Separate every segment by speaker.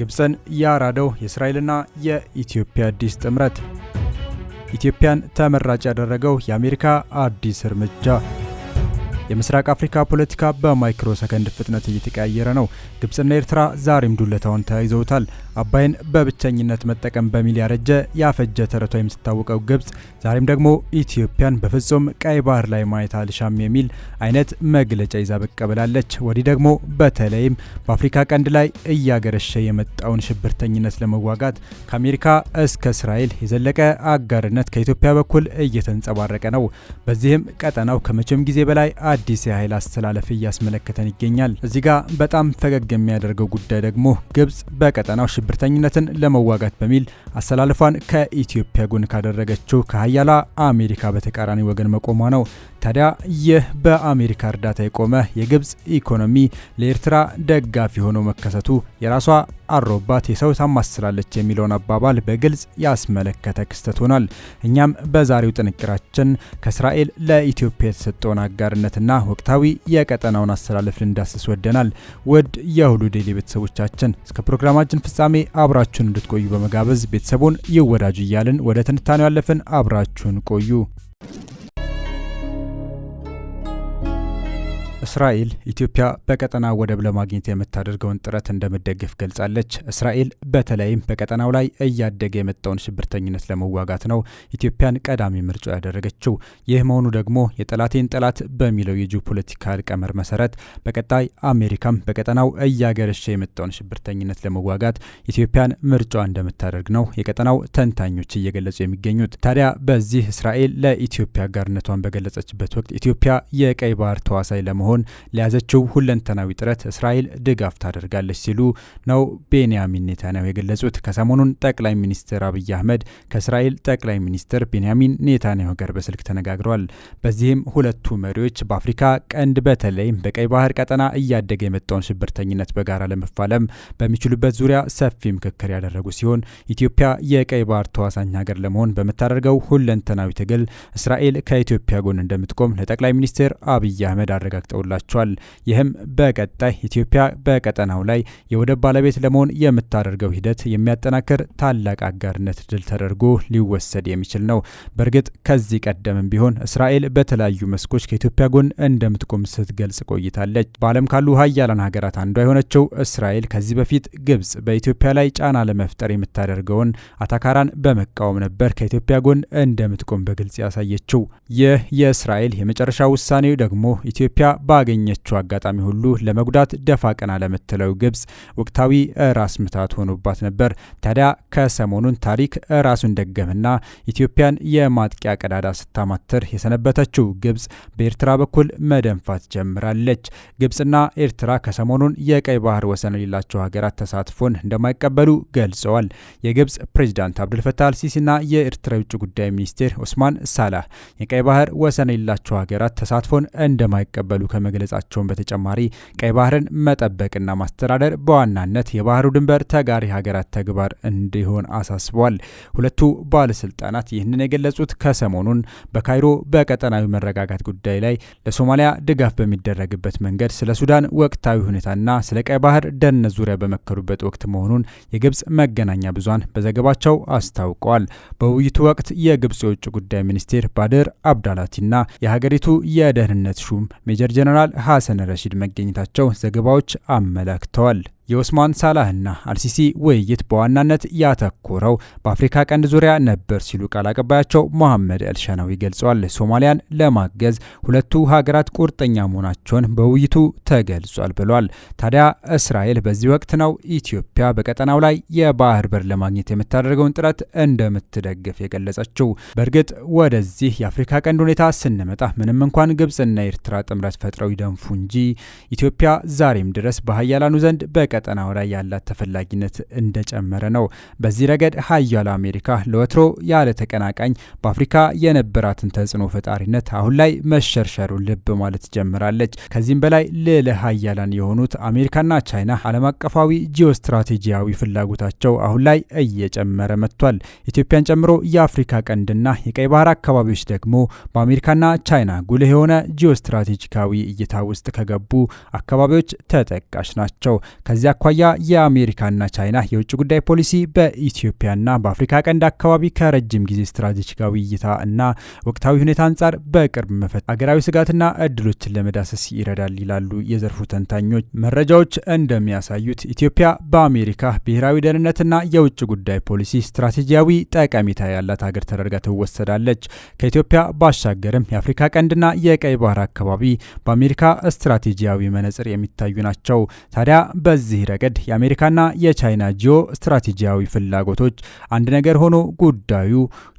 Speaker 1: ግብፅን ያራደው የእስራኤልና የኢትዮጵያ አዲስ ጥምረት፣ ኢትዮጵያን ተመራጭ ያደረገው የአሜሪካ አዲስ እርምጃ። የምስራቅ አፍሪካ ፖለቲካ በማይክሮ ሰከንድ ፍጥነት እየተቀያየረ ነው። ግብፅና ኤርትራ ዛሬም ዱለታውን ተያይዘውታል። አባይን በብቸኝነት መጠቀም በሚል ያረጀ ያፈጀ ተረቷ የምትታወቀው ግብጽ ዛሬም ደግሞ ኢትዮጵያን በፍጹም ቀይ ባህር ላይ ማየት አልሻም የሚል አይነት መግለጫ ይዛ ብቅ ብላለች። ወዲህ ደግሞ በተለይም በአፍሪካ ቀንድ ላይ እያገረሸ የመጣውን ሽብርተኝነት ለመዋጋት ከአሜሪካ እስከ እስራኤል የዘለቀ አጋርነት ከኢትዮጵያ በኩል እየተንጸባረቀ ነው። በዚህም ቀጠናው ከመቼም ጊዜ በላይ አዲስ የኃይል አስተላለፍ እያስመለከተን ይገኛል። እዚህ ጋር በጣም ፈገግ የሚያደርገው ጉዳይ ደግሞ ግብጽ በቀጠናው ሽብርተኝነትን ለመዋጋት በሚል አሰላለፏን ከኢትዮጵያ ጎን ካደረገችው ከሀያላ አሜሪካ በተቃራኒ ወገን መቆሟ ነው። ታዲያ ይህ በአሜሪካ እርዳታ የቆመ የግብፅ ኢኮኖሚ ለኤርትራ ደጋፊ ሆኖ መከሰቱ የራሷ አሮባት የሰው ታማስላለች የሚለውን አባባል በግልጽ ያስመለከተ ክስተት ሆኗል። እኛም በዛሬው ጥንቅራችን ከእስራኤል ለኢትዮጵያ የተሰጠውን አጋርነትና ወቅታዊ የቀጠናውን አሰላለፍ ልንዳስስ ወደናል። ውድ የሁሉ ዴይሊ ቤተሰቦቻችን እስከ ፕሮግራማችን ፍጻሜ አብራችሁን እንድትቆዩ በመጋበዝ ቤተሰቡን ይወዳጁ እያልን ወደ ትንታኔው ያለፍን፣ አብራችሁን ቆዩ። እስራኤል ኢትዮጵያ በቀጠና ወደብ ለማግኘት የምታደርገውን ጥረት እንደምደግፍ ገልጻለች። እስራኤል በተለይም በቀጠናው ላይ እያደገ የመጣውን ሽብርተኝነት ለመዋጋት ነው ኢትዮጵያን ቀዳሚ ምርጫ ያደረገችው። ይህ መሆኑ ደግሞ የጠላቴን ጠላት በሚለው የጂኦፖለቲካል ቀመር መሰረት በቀጣይ አሜሪካም በቀጠናው እያገረሸ የመጣውን ሽብርተኝነት ለመዋጋት ኢትዮጵያን ምርጫ እንደምታደርግ ነው የቀጠናው ተንታኞች እየገለጹ የሚገኙት። ታዲያ በዚህ እስራኤል ለኢትዮጵያ አጋርነቷን በገለጸችበት ወቅት ኢትዮጵያ የቀይ ባህር ተዋሳይ ለመሆን ሲሆን ለያዘችው ሁለንተናዊ ጥረት እስራኤል ድጋፍ ታደርጋለች ሲሉ ነው ቤንያሚን ኔታንያሁ የገለጹት። ከሰሞኑን ጠቅላይ ሚኒስትር አብይ አህመድ ከእስራኤል ጠቅላይ ሚኒስትር ቤንያሚን ኔታንያሁ ጋር በስልክ ተነጋግረዋል። በዚህም ሁለቱ መሪዎች በአፍሪካ ቀንድ በተለይም በቀይ ባህር ቀጠና እያደገ የመጣውን ሽብርተኝነት በጋራ ለመፋለም በሚችሉበት ዙሪያ ሰፊ ምክክር ያደረጉ ሲሆን ኢትዮጵያ የቀይ ባህር ተዋሳኝ ሀገር ለመሆን በምታደርገው ሁለንተናዊ ትግል እስራኤል ከኢትዮጵያ ጎን እንደምትቆም ለጠቅላይ ሚኒስትር አብይ አህመድ አረጋግጠውላል ተፈጥሮላቸዋል። ይህም በቀጣይ ኢትዮጵያ በቀጠናው ላይ የወደብ ባለቤት ለመሆን የምታደርገው ሂደት የሚያጠናክር ታላቅ አጋርነት ድል ተደርጎ ሊወሰድ የሚችል ነው። በእርግጥ ከዚህ ቀደምም ቢሆን እስራኤል በተለያዩ መስኮች ከኢትዮጵያ ጎን እንደምትቆም ስትገልጽ ቆይታለች። በዓለም ካሉ ሀያላን ሀገራት አንዷ የሆነችው እስራኤል ከዚህ በፊት ግብጽ በኢትዮጵያ ላይ ጫና ለመፍጠር የምታደርገውን አታካራን በመቃወም ነበር ከኢትዮጵያ ጎን እንደምትቆም በግልጽ ያሳየችው። ይህ የእስራኤል የመጨረሻ ውሳኔ ደግሞ ኢትዮጵያ ባገኘችው አጋጣሚ ሁሉ ለመጉዳት ደፋ ቀና ለምትለው ግብጽ ወቅታዊ ራስ ምታት ሆኖባት ነበር። ታዲያ ከሰሞኑን ታሪክ ራሱን ደገምና ኢትዮጵያን የማጥቂያ ቀዳዳ ስታማትር የሰነበተችው ግብጽ በኤርትራ በኩል መደንፋት ጀምራለች። ግብጽና ኤርትራ ከሰሞኑን የቀይ ባህር ወሰን የሌላቸው ሀገራት ተሳትፎን እንደማይቀበሉ ገልጸዋል። የግብጽ ፕሬዚዳንት አብዱልፈታህ አልሲሲና የኤርትራ የውጭ ጉዳይ ሚኒስቴር ኦስማን ሳላህ የቀይ ባህር ወሰን የሌላቸው ሀገራት ተሳትፎን እንደማይቀበሉ ከመ ከመግለጻቸውን በተጨማሪ ቀይ ባህርን መጠበቅና ማስተዳደር በዋናነት የባህሩ ድንበር ተጋሪ ሀገራት ተግባር እንዲሆን አሳስበዋል። ሁለቱ ባለስልጣናት ይህንን የገለጹት ከሰሞኑን በካይሮ በቀጠናዊ መረጋጋት ጉዳይ ላይ ለሶማሊያ ድጋፍ በሚደረግበት መንገድ ስለ ሱዳን ወቅታዊ ሁኔታና ስለ ቀይ ባህር ደህንነት ዙሪያ በመከሩበት ወቅት መሆኑን የግብፅ መገናኛ ብዙሃን በዘገባቸው አስታውቀዋል። በውይይቱ ወቅት የግብፅ የውጭ ጉዳይ ሚኒስቴር ባድር አብዳላቲና የሀገሪቱ የደህንነት ሹም ሜጀር ጀነራል ጀነራል ሐሰን ረሺድ መገኘታቸው ዘገባዎች አመላክተዋል። የኦስማን ሳላህና አልሲሲ ውይይት በዋናነት ያተኮረው በአፍሪካ ቀንድ ዙሪያ ነበር ሲሉ ቃል አቀባያቸው ሞሐመድ አልሸናዊ ገልጿል። ሶማሊያን ለማገዝ ሁለቱ ሀገራት ቁርጠኛ መሆናቸውን በውይይቱ ተገልጿል ብሏል። ታዲያ እስራኤል በዚህ ወቅት ነው ኢትዮጵያ በቀጠናው ላይ የባህር በር ለማግኘት የምታደርገውን ጥረት እንደምትደግፍ የገለጸችው። በእርግጥ ወደዚህ የአፍሪካ ቀንድ ሁኔታ ስንመጣ ምንም እንኳን ግብፅና ኤርትራ ጥምረት ፈጥረው ይደንፉ እንጂ ኢትዮጵያ ዛሬም ድረስ በሀያላኑ ዘንድ በቀ በቀጠናው ላይ ያላት ተፈላጊነት እንደጨመረ ነው። በዚህ ረገድ ሀያሉ አሜሪካ ለወትሮ ያለ ተቀናቃኝ በአፍሪካ የነበራትን ተጽዕኖ ፈጣሪነት አሁን ላይ መሸርሸሩ ልብ ማለት ጀምራለች። ከዚህም በላይ ልዕለ ሀያላን የሆኑት አሜሪካና ቻይና ዓለም አቀፋዊ ጂኦስትራቴጂያዊ ፍላጎታቸው አሁን ላይ እየጨመረ መጥቷል። ኢትዮጵያን ጨምሮ የአፍሪካ ቀንድና የቀይ ባህር አካባቢዎች ደግሞ በአሜሪካና ቻይና ጉልህ የሆነ ጂኦስትራቴጂካዊ እይታ ውስጥ ከገቡ አካባቢዎች ተጠቃሽ ናቸው። ከዚያ አኳያ የአሜሪካና ቻይና የውጭ ጉዳይ ፖሊሲ በኢትዮጵያና በአፍሪካ ቀንድ አካባቢ ከረጅም ጊዜ ስትራቴጂካዊ እይታ እና ወቅታዊ ሁኔታ አንጻር በቅርብ መፈት አገራዊ ስጋትና እድሎችን ለመዳሰስ ይረዳል ይላሉ የዘርፉ ተንታኞች። መረጃዎች እንደሚያሳዩት ኢትዮጵያ በአሜሪካ ብሔራዊ ደህንነትና የውጭ ጉዳይ ፖሊሲ ስትራቴጂያዊ ጠቀሜታ ያላት ሀገር ተደርጋ ትወሰዳለች። ከኢትዮጵያ ባሻገርም የአፍሪካ ቀንድና የቀይ ባህር አካባቢ በአሜሪካ ስትራቴጂያዊ መነጽር የሚታዩ ናቸው። ታዲያ በዚህ በዚህ ረገድ የአሜሪካና የቻይና ጂኦ ስትራቴጂያዊ ፍላጎቶች አንድ ነገር ሆኖ ጉዳዩ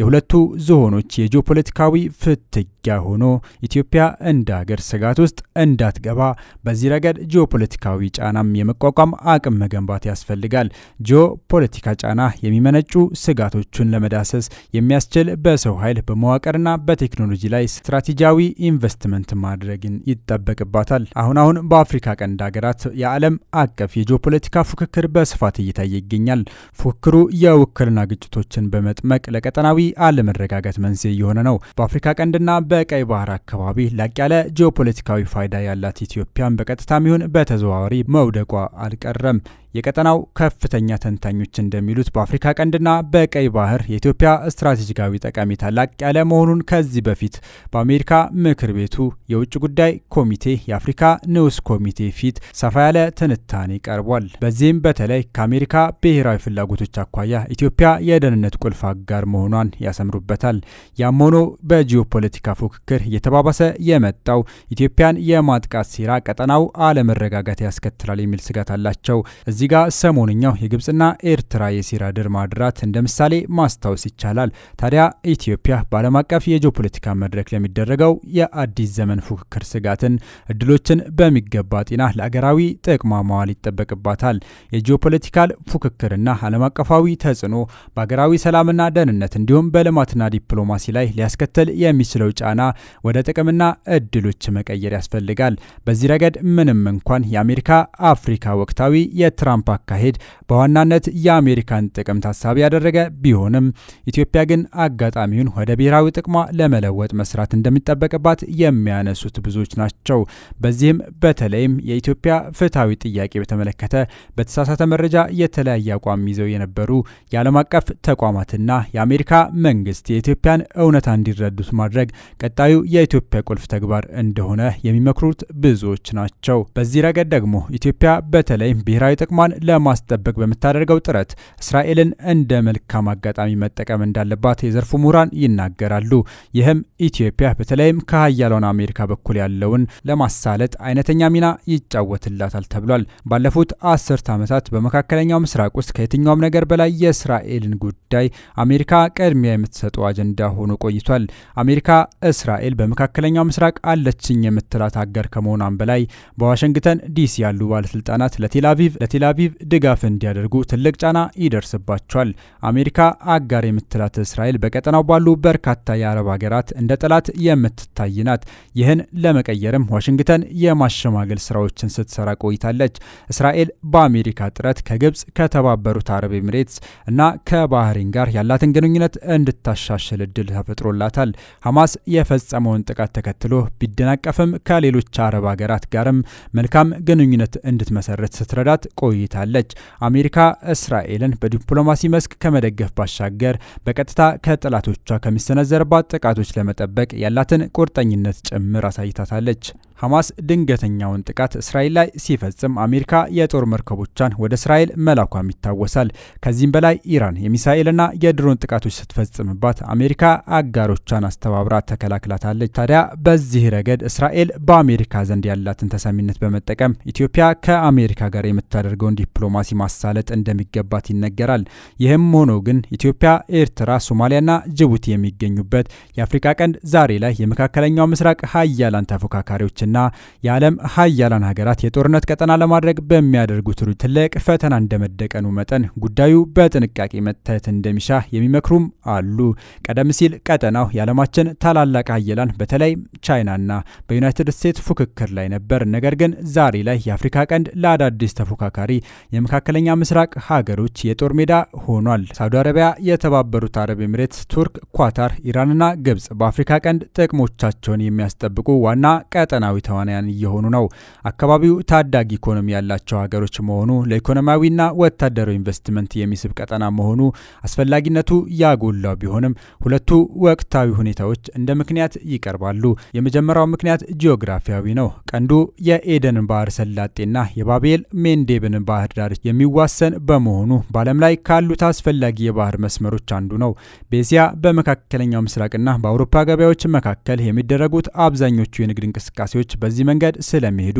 Speaker 1: የሁለቱ ዝሆኖች የጂኦፖለቲካዊ ፍትጊያ ሆኖ ኢትዮጵያ እንደ ሀገር ስጋት ውስጥ እንዳትገባ በዚህ ረገድ ፖለቲካዊ ጫናም የመቋቋም አቅም መገንባት ያስፈልጋል። ጂኦፖለቲካ ጫና የሚመነጩ ስጋቶቹን ለመዳሰስ የሚያስችል በሰው ኃይል በመዋቅርና በቴክኖሎጂ ላይ ስትራቴጂያዊ ኢንቨስትመንት ማድረግን ይጠበቅባታል። አሁን አሁን በአፍሪካ ቀንድ ሀገራት የዓለም አቀፍ የጂኦፖለቲካ ፉክክር በስፋት እየታየ ይገኛል። ፉክክሩ የውክልና ግጭቶችን በመጥመቅ ለቀጠናዊ አለመረጋጋት መንስኤ የሆነ ነው። በአፍሪካ ቀንድና በቀይ ባህር አካባቢ ላቅ ያለ ጂኦፖለቲካዊ ፋይዳ ያላት ኢትዮጵያን በቀጥታም ይሁን በተዘዋዋሪ መውደቋ አልቀረም። የቀጠናው ከፍተኛ ተንታኞች እንደሚሉት በአፍሪካ ቀንድና በቀይ ባህር የኢትዮጵያ ስትራቴጂካዊ ጠቀሜታ ላቅ ያለ መሆኑን ከዚህ በፊት በአሜሪካ ምክር ቤቱ የውጭ ጉዳይ ኮሚቴ የአፍሪካ ንዑስ ኮሚቴ ፊት ሰፋ ያለ ትንታኔ ቀርቧል። በዚህም በተለይ ከአሜሪካ ብሔራዊ ፍላጎቶች አኳያ ኢትዮጵያ የደህንነት ቁልፍ አጋር መሆኗን ያሰምሩበታል። ያም ሆኖ በጂኦፖለቲካ ፉክክር እየተባባሰ የመጣው ኢትዮጵያን የማጥቃት ሴራ ቀጠናው አለመረጋጋት ያስከትላል የሚል ስጋት አላቸው። እዚህ ጋር ሰሞንኛው የግብፅና ኤርትራ የሴራ ድር ማድራት እንደ ምሳሌ ማስታወስ ይቻላል። ታዲያ ኢትዮጵያ በዓለም አቀፍ የጂኦፖለቲካ መድረክ ለሚደረገው የአዲስ ዘመን ፉክክር ስጋትን፣ እድሎችን በሚገባ ጤና ለአገራዊ ጥቅማ መዋል ይጠበቅባታል። የጂኦፖለቲካል ፉክክርና ዓለም አቀፋዊ ተጽዕኖ በአገራዊ ሰላምና ደህንነት እንዲሁም በልማትና ዲፕሎማሲ ላይ ሊያስከተል የሚችለው ጫና ወደ ጥቅምና እድሎች መቀየር ያስፈልጋል። በዚህ ረገድ ምንም እንኳን የአሜሪካ አፍሪካ ወቅታዊ የትራ የትራምፕ አካሄድ በዋናነት የአሜሪካን ጥቅም ታሳቢ ያደረገ ቢሆንም ኢትዮጵያ ግን አጋጣሚውን ወደ ብሔራዊ ጥቅሟ ለመለወጥ መስራት እንደሚጠበቅባት የሚያነሱት ብዙዎች ናቸው። በዚህም በተለይም የኢትዮጵያ ፍትሐዊ ጥያቄ በተመለከተ በተሳሳተ መረጃ የተለያየ አቋም ይዘው የነበሩ የዓለም አቀፍ ተቋማትና የአሜሪካ መንግስት የኢትዮጵያን እውነታ እንዲረዱት ማድረግ ቀጣዩ የኢትዮጵያ ቁልፍ ተግባር እንደሆነ የሚመክሩት ብዙዎች ናቸው። በዚህ ረገድ ደግሞ ኢትዮጵያ በተለይም ብሔራዊ ጥቅሟ ጥቅሟን ለማስጠበቅ በምታደርገው ጥረት እስራኤልን እንደ መልካም አጋጣሚ መጠቀም እንዳለባት የዘርፉ ምሁራን ይናገራሉ። ይህም ኢትዮጵያ በተለይም ከሀያሏን አሜሪካ በኩል ያለውን ለማሳለጥ አይነተኛ ሚና ይጫወትላታል ተብሏል። ባለፉት አስርት ዓመታት በመካከለኛው ምስራቅ ውስጥ ከየትኛውም ነገር በላይ የእስራኤልን ጉዳይ አሜሪካ ቅድሚያ የምትሰጠው አጀንዳ ሆኖ ቆይቷል። አሜሪካ እስራኤል በመካከለኛው ምስራቅ አለችኝ የምትላት አገር ከመሆኗን በላይ በዋሽንግተን ዲሲ ያሉ ባለስልጣናት ለቴላቪቭ ለቴላ ቴልአቪቭ ድጋፍ እንዲያደርጉ ትልቅ ጫና ይደርስባቸዋል። አሜሪካ አጋር የምትላት እስራኤል በቀጠናው ባሉ በርካታ የአረብ ሀገራት እንደ ጠላት የምትታይ ናት። ይህን ለመቀየርም ዋሽንግተን የማሸማገል ስራዎችን ስትሰራ ቆይታለች። እስራኤል በአሜሪካ ጥረት ከግብፅ፣ ከተባበሩት አረብ ኤምሬትስ እና ከባህሬን ጋር ያላትን ግንኙነት እንድታሻሽል እድል ተፈጥሮላታል። ሐማስ የፈጸመውን ጥቃት ተከትሎ ቢደናቀፍም ከሌሎች አረብ ሀገራት ጋርም መልካም ግንኙነት እንድትመሰርት ስትረዳት ቆይ ቆይታለች። አሜሪካ እስራኤልን በዲፕሎማሲ መስክ ከመደገፍ ባሻገር በቀጥታ ከጠላቶቿ ከሚሰነዘርባት ጥቃቶች ለመጠበቅ ያላትን ቁርጠኝነት ጭምር አሳይታታለች። ሐማስ ድንገተኛውን ጥቃት እስራኤል ላይ ሲፈጽም አሜሪካ የጦር መርከቦቿን ወደ እስራኤል መላኳም ይታወሳል። ከዚህም በላይ ኢራን የሚሳኤልና የድሮን ጥቃቶች ስትፈጽምባት አሜሪካ አጋሮቿን አስተባብራ ተከላክላታለች። ታዲያ በዚህ ረገድ እስራኤል በአሜሪካ ዘንድ ያላትን ተሰሚነት በመጠቀም ኢትዮጵያ ከአሜሪካ ጋር የምታደርገውን ዲፕሎማሲ ማሳለጥ እንደሚገባት ይነገራል። ይህም ሆኖ ግን ኢትዮጵያ፣ ኤርትራ፣ ሶማሊያና ጅቡቲ የሚገኙበት የአፍሪካ ቀንድ ዛሬ ላይ የመካከለኛው ምስራቅ ሀያላን ተፎካካሪዎች ሀገራትና የዓለም ሀያላን ሀገራት የጦርነት ቀጠና ለማድረግ በሚያደርጉት ሩ ትልቅ ፈተና እንደመደቀኑ መጠን ጉዳዩ በጥንቃቄ መታየት እንደሚሻ የሚመክሩም አሉ። ቀደም ሲል ቀጠናው የዓለማችን ታላላቅ ሀያላን በተለይ ቻይናና በዩናይትድ ስቴትስ ፉክክር ላይ ነበር። ነገር ግን ዛሬ ላይ የአፍሪካ ቀንድ ለአዳዲስ ተፎካካሪ የመካከለኛ ምስራቅ ሀገሮች የጦር ሜዳ ሆኗል። ሳውዲ አረቢያ፣ የተባበሩት አረብ ኤምሬትስ፣ ቱርክ፣ ኳታር፣ ኢራንና ግብጽ በአፍሪካ ቀንድ ጥቅሞቻቸውን የሚያስጠብቁ ዋና ቀጠናዊ ብሔራዊ ተዋናያን እየሆኑ ነው። አካባቢው ታዳጊ ኢኮኖሚ ያላቸው ሀገሮች መሆኑ ለኢኮኖሚያዊና ወታደራዊ ኢንቨስትመንት የሚስብ ቀጠና መሆኑ አስፈላጊነቱ ያጎላው ቢሆንም ሁለቱ ወቅታዊ ሁኔታዎች እንደ ምክንያት ይቀርባሉ። የመጀመሪያው ምክንያት ጂኦግራፊያዊ ነው። ቀንዱ የኤደን ባህር ሰላጤና የባቤል ሜንዴብን ባህር ዳር የሚዋሰን በመሆኑ በዓለም ላይ ካሉት አስፈላጊ የባህር መስመሮች አንዱ ነው። በእስያ በመካከለኛው ምስራቅና በአውሮፓ ገበያዎች መካከል የሚደረጉት አብዛኞቹ የንግድ እንቅስቃሴዎች ጀልባዎች በዚህ መንገድ ስለሚሄዱ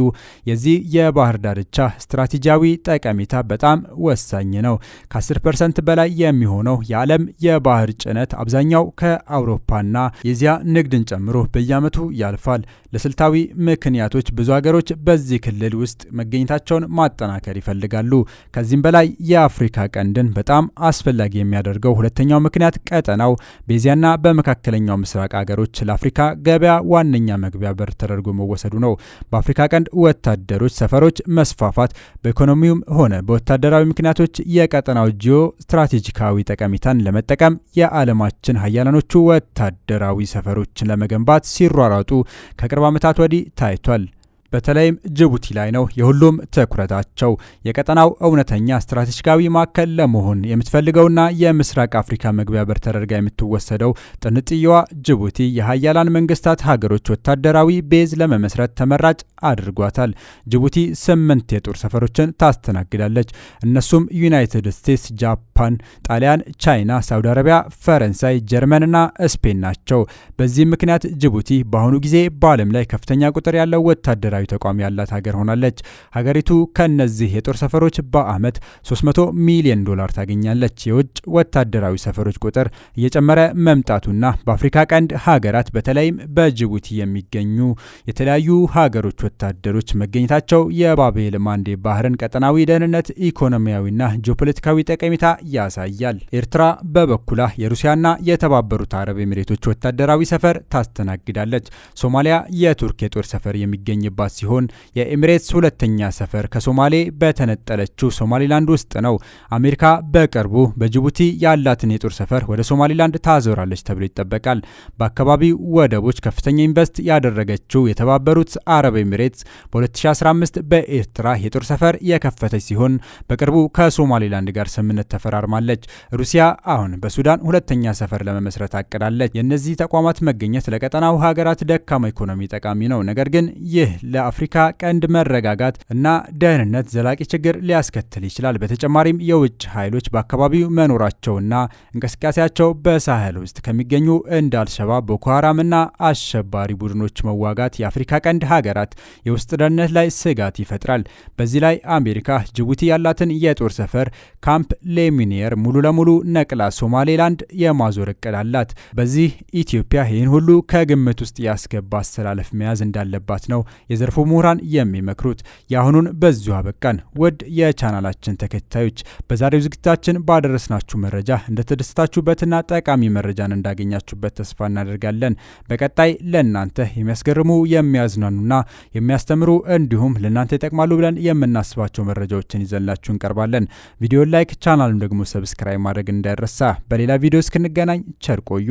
Speaker 1: የዚህ የባህር ዳርቻ ስትራቴጂያዊ ጠቀሜታ በጣም ወሳኝ ነው። ከ10 ፐርሰንት በላይ የሚሆነው የዓለም የባህር ጭነት አብዛኛው ከአውሮፓና የዚያ ንግድን ጨምሮ በየዓመቱ ያልፋል። ለስልታዊ ምክንያቶች ብዙ ሀገሮች በዚህ ክልል ውስጥ መገኘታቸውን ማጠናከር ይፈልጋሉ። ከዚህም በላይ የአፍሪካ ቀንድን በጣም አስፈላጊ የሚያደርገው ሁለተኛው ምክንያት ቀጠናው በዚያና በመካከለኛው ምስራቅ ሀገሮች ለአፍሪካ ገበያ ዋነኛ መግቢያ በር ተደርጎ መወሰ መወሰዱ ነው። በአፍሪካ ቀንድ ወታደሮች ሰፈሮች መስፋፋት በኢኮኖሚውም ሆነ በወታደራዊ ምክንያቶች የቀጠናው ጂኦ ስትራቴጂካዊ ጠቀሜታን ለመጠቀም የዓለማችን ሀያላኖቹ ወታደራዊ ሰፈሮችን ለመገንባት ሲሯሯጡ ከቅርብ ዓመታት ወዲህ ታይቷል። በተለይም ጅቡቲ ላይ ነው የሁሉም ትኩረታቸው። የቀጠናው እውነተኛ ስትራቴጂካዊ ማዕከል ለመሆን የምትፈልገውና የምስራቅ አፍሪካ መግቢያ በር ተደርጋ የምትወሰደው ጥንጥየዋ ጅቡቲ የሀያላን መንግስታት ሀገሮች ወታደራዊ ቤዝ ለመመስረት ተመራጭ አድርጓታል። ጅቡቲ ስምንት የጦር ሰፈሮችን ታስተናግዳለች። እነሱም ዩናይትድ ስቴትስ፣ ጃፓን፣ ጣሊያን፣ ቻይና፣ ሳውዲ አረቢያ፣ ፈረንሳይ፣ ጀርመንና ስፔን ናቸው። በዚህም ምክንያት ጅቡቲ በአሁኑ ጊዜ በዓለም ላይ ከፍተኛ ቁጥር ያለው ወታደራዊ ተቋም ያላት ሀገር ሆናለች። ሀገሪቱ ከእነዚህ የጦር ሰፈሮች በዓመት 300 ሚሊዮን ዶላር ታገኛለች። የውጭ ወታደራዊ ሰፈሮች ቁጥር እየጨመረ መምጣቱና በአፍሪካ ቀንድ ሀገራት በተለይም በጅቡቲ የሚገኙ የተለያዩ ሀገሮች ወታደሮች መገኘታቸው የባቤል ማንዴ ባህርን ቀጠናዊ ደህንነት፣ ኢኮኖሚያዊና ጂኦፖለቲካዊ ጠቀሜታ ያሳያል። ኤርትራ በበኩላ የሩሲያና የተባበሩት አረብ ኤሚሬቶች ወታደራዊ ሰፈር ታስተናግዳለች። ሶማሊያ የቱርክ የጦር ሰፈር የሚገኝባት ሲሆን የኤሚሬትስ ሁለተኛ ሰፈር ከሶማሌ በተነጠለችው ሶማሊላንድ ውስጥ ነው። አሜሪካ በቅርቡ በጅቡቲ ያላትን የጦር ሰፈር ወደ ሶማሊላንድ ታዞራለች ተብሎ ይጠበቃል። በአካባቢው ወደቦች ከፍተኛ ኢንቨስት ያደረገችው የተባበሩት አረብ ኤሚሬትስ በ2015 በኤርትራ የጦር ሰፈር የከፈተች ሲሆን በቅርቡ ከሶማሌላንድ ጋር ስምምነት ተፈራርማለች። ሩሲያ አሁን በሱዳን ሁለተኛ ሰፈር ለመመስረት አቅዳለች። የእነዚህ ተቋማት መገኘት ለቀጠናው ሀገራት ደካማ ኢኮኖሚ ጠቃሚ ነው፣ ነገር ግን ይህ ለአፍሪካ ቀንድ መረጋጋት እና ደህንነት ዘላቂ ችግር ሊያስከትል ይችላል። በተጨማሪም የውጭ ኃይሎች በአካባቢው መኖራቸውና እንቅስቃሴያቸው በሳህል ውስጥ ከሚገኙ እንደ አልሸባብ፣ ቦኮ ሀራም እና አሸባሪ ቡድኖች መዋጋት የአፍሪካ ቀንድ ሀገራት የውስጥ ደህንነት ላይ ስጋት ይፈጥራል። በዚህ ላይ አሜሪካ ጅቡቲ ያላትን የጦር ሰፈር ካምፕ ሌሚኒየር ሙሉ ለሙሉ ነቅላ ሶማሌላንድ የማዞር እቅድ አላት። በዚህ ኢትዮጵያ ይህን ሁሉ ከግምት ውስጥ ያስገባ አሰላለፍ መያዝ እንዳለባት ነው የዘርፉ ምሁራን የሚመክሩት። የአሁኑን በዚሁ አበቃን። ውድ የቻናላችን ተከታዮች በዛሬው ዝግጅታችን ባደረስናችሁ መረጃ እንደተደሰታችሁበትና ጠቃሚ መረጃን እንዳገኛችሁበት ተስፋ እናደርጋለን። በቀጣይ ለእናንተ የሚያስገርሙ የሚያዝናኑና የሚያስተምሩ እንዲሁም ለእናንተ ይጠቅማሉ ብለን የምናስባቸው መረጃዎችን ይዘንላችሁ እንቀርባለን። ቪዲዮን ላይክ፣ ቻናሉን ደግሞ ሰብስክራይብ ማድረግ እንዳይረሳ። በሌላ ቪዲዮ እስክንገናኝ ቸር ቆዩ።